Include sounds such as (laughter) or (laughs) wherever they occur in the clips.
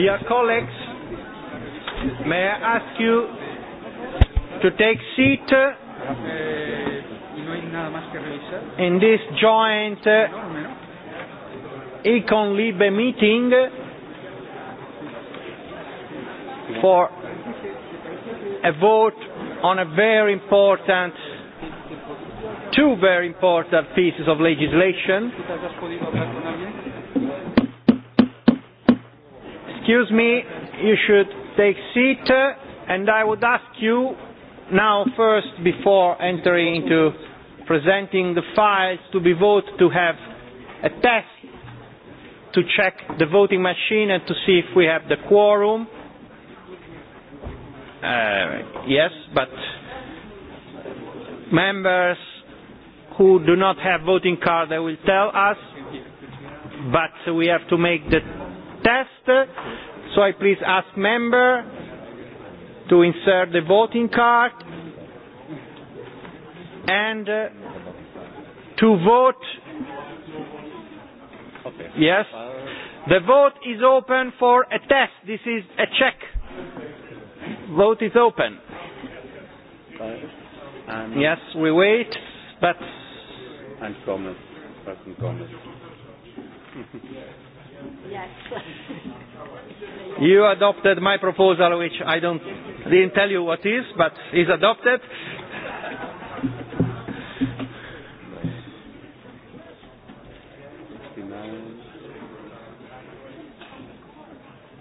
Dear colleagues, may I ask you to take seat uh, in this joint uh, Econ Libe meeting for a vote on a very important two very important pieces of legislation Excuse me, you should take seat, and I would ask you now first, before entering into presenting the files to be voted, to have a test to check the voting machine and to see if we have the quorum. Uh, yes, but members who do not have voting card, they will tell us, but we have to make the test. So I please ask member to insert the voting card and uh, to vote. Okay. Yes. The vote is open for a test. This is a check. Vote is open. And yes, we wait, but. And comments. Person comments. (laughs) You adopted my proposal, which I don't didn't tell you what is, but is adopted.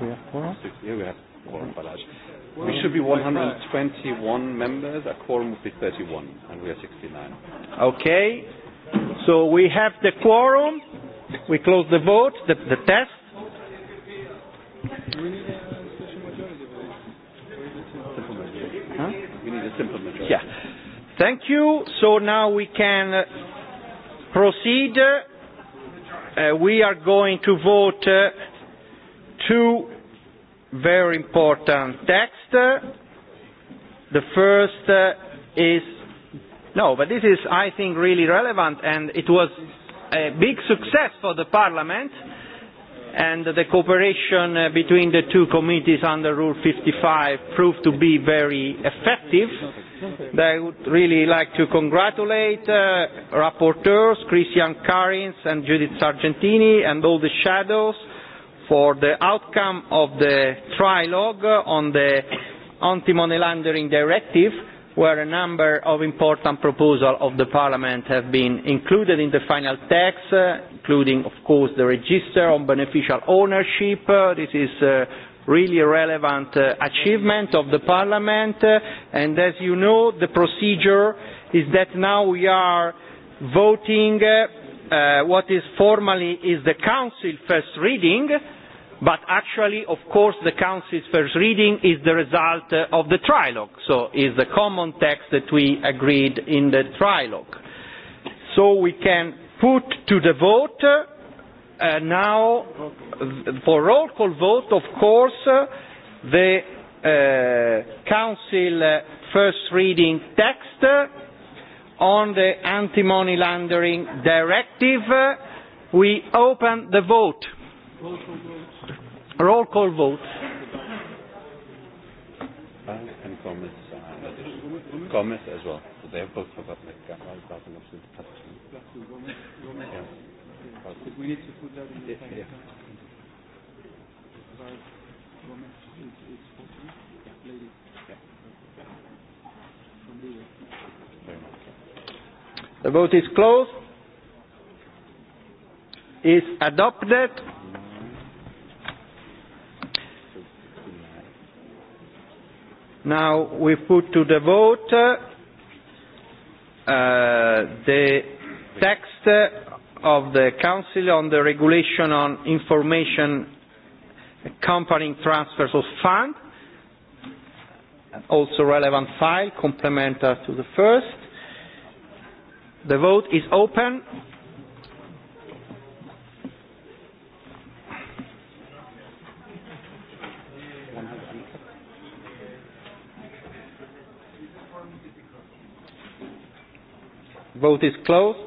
We have four. Yeah, we have four Balaj. We should be 121 members. A quorum would be 31, and we are 69. Okay. So we have the quorum. We close the vote, the, the test. We need a special majority. Simple majority. Huh? We need a simple majority. Yeah. Thank you. So now we can uh, proceed. Uh, we are going to vote uh, two very important texts. The first uh, is no, but this is, I think, really relevant, and it was a big success for the Parliament and the cooperation uh, between the two committees under Rule 55 proved to be very effective. I would really like to congratulate uh, rapporteurs Christian Karins and Judith Sargentini and all the shadows for the outcome of the trilogue on the anti-money laundering directive where a number of important proposals of the Parliament have been included in the final text, uh, including, of course, the register on beneficial ownership. Uh, this is uh, really relevant uh, achievement of the Parliament. Uh, and as you know, the procedure is that now we are voting uh, uh, what is formally is the Council first reading, uh, but actually of course the council's first reading is the result uh, of the trilogue so is the common text that we agreed in the trilogue so we can put to the vote uh, now for roll call vote of course uh, the uh, council uh, first reading text uh, on the anti-money laundering directive uh, we open the vote. Roll call vote. Roll call vote. Bank and Gomez. Uh, Gomez as well. So they're both for public. Yeah. We need to put that in the yeah. yeah. Gomez is, is 14. Yeah. Lady. Yeah. From the The vote is closed. Is adopted. Now we put to the vote uh, the text of the Council on the Regulation on Information Accompanying Transfers of Funds, also relevant file, complementary to the first. The vote is open. Vote is closed.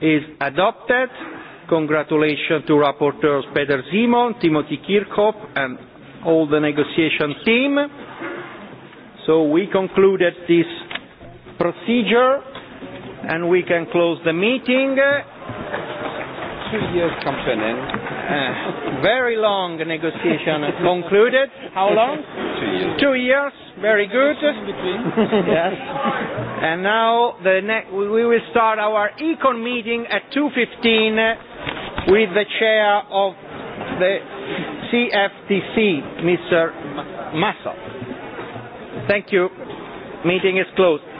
Is adopted. Congratulations to rapporteurs Peter Simon, Timothy Kirchhoff, and all the negotiation team. So we concluded this procedure, and we can close the meeting. Two years comes to an end. Uh, very long negotiation (laughs) concluded. How long? Two years. Two years. Very good. (laughs) yes. And now the ne- we will start our econ meeting at 2.15 with the chair of the CFTC, Mr. Massa. Thank you. Meeting is closed.